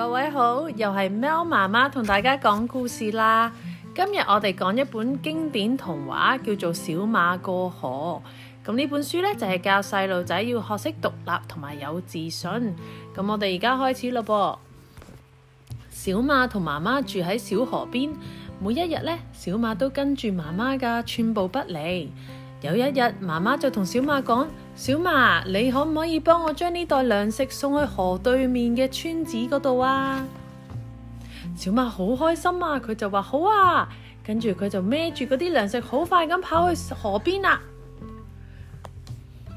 各位好，又係喵媽媽同大家講故事啦。今日我哋講一本經典童話，叫做《小馬過河》。咁呢本書呢，就係教細路仔要學識獨立同埋有自信。咁我哋而家開始咯噃。小馬同媽媽住喺小河邊，每一日呢，小馬都跟住媽媽噶寸步不離。有一日，媽媽就同小馬講。小馬，你可唔可以幫我將呢袋糧食送去河對面嘅村子嗰度啊？小馬好開心啊，佢就話好啊，跟住佢就孭住嗰啲糧食，好快咁跑去河邊啦啊。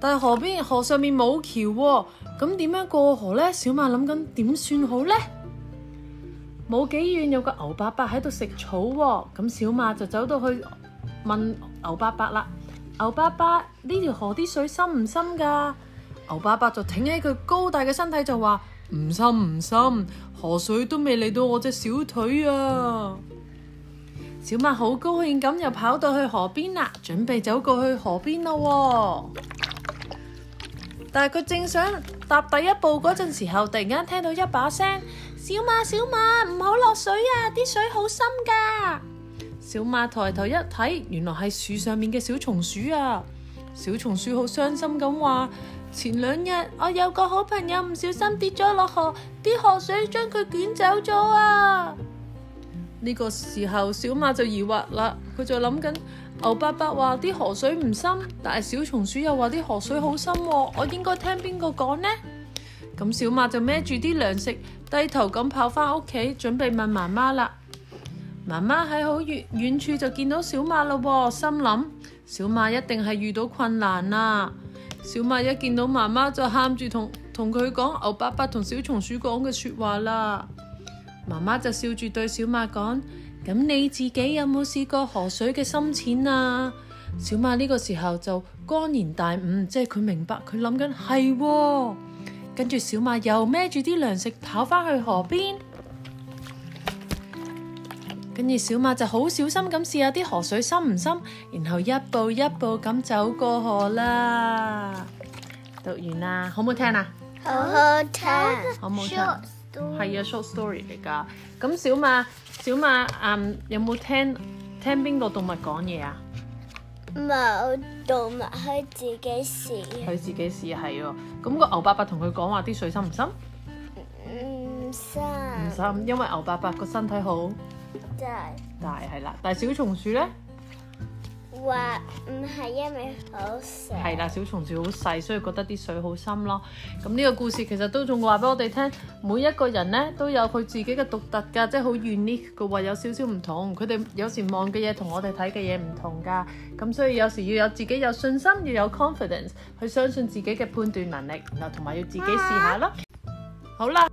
但係河邊河上面冇橋啊，咁點樣過河呢？小馬諗緊點算好呢？冇幾遠有個牛伯伯喺度食草啊，咁小馬就走到去。問牛伯伯啦，牛伯伯，呢條河啲水深唔深㗎？牛伯伯就挺起佢高大嘅身體就話：唔深唔深，河水都未嚟到我隻小腿啊！小馬好高興咁又跑到去河邊啦，準備走過去河邊咯喎。但係佢正想踏第一步嗰陣時候，突然間聽到一把聲：小馬小馬，唔好落水啊！啲水好深㗎！小馬抬頭一睇，原來係樹上面嘅小松鼠啊！小松鼠好傷心咁話：前兩日我有個好朋友唔小心跌咗落河，啲河水將佢捲走咗啊！呢個時候，小馬就疑惑啦，佢就諗緊：牛伯伯話啲河水唔深，但係小松鼠又話啲河水好深，我應該聽邊個講呢？咁小馬就孭住啲糧食，低頭咁跑返屋企，準備問媽媽啦。媽媽喺好遠遠處就見到小馬咯，心諗小馬一定係遇到困難啦。小馬一見到媽媽就喊住同同佢講牛伯伯同小松鼠講嘅說話啦。媽媽就笑住對小馬講：咁你自己有冇試過河水嘅深淺啊？小馬呢個時候就恍然大悟，即係佢明白佢諗緊係。跟住、哦、小馬又孭住啲糧食跑返去河邊。跟住小馬就好小心咁試下啲河水深唔深，然後一步一步咁走過河啦。讀完啦，好唔好聽啊？好好聽，好唔好聽？係啊，short story 嚟噶咁小馬，小馬，嗯，有冇聽聽邊個動物講嘢啊？冇，動物佢自己試。佢自己試，係喎。咁個牛伯伯同佢講話啲水深唔深？唔深。唔深，因為牛伯伯個身體好。但係啦，但係小松鼠咧，話唔係，因為好細係啦，小松鼠好細，所以覺得啲水好深咯。咁呢個故事其實都仲話俾我哋聽，每一個人咧都有佢自己嘅獨特噶，即係好 unique 嘅，話有少少唔同。佢哋有時望嘅嘢同我哋睇嘅嘢唔同噶，咁所以有時要有自己有信心，要有 confidence 去相信自己嘅判斷能力，然後同埋要自己試下咯。好啦。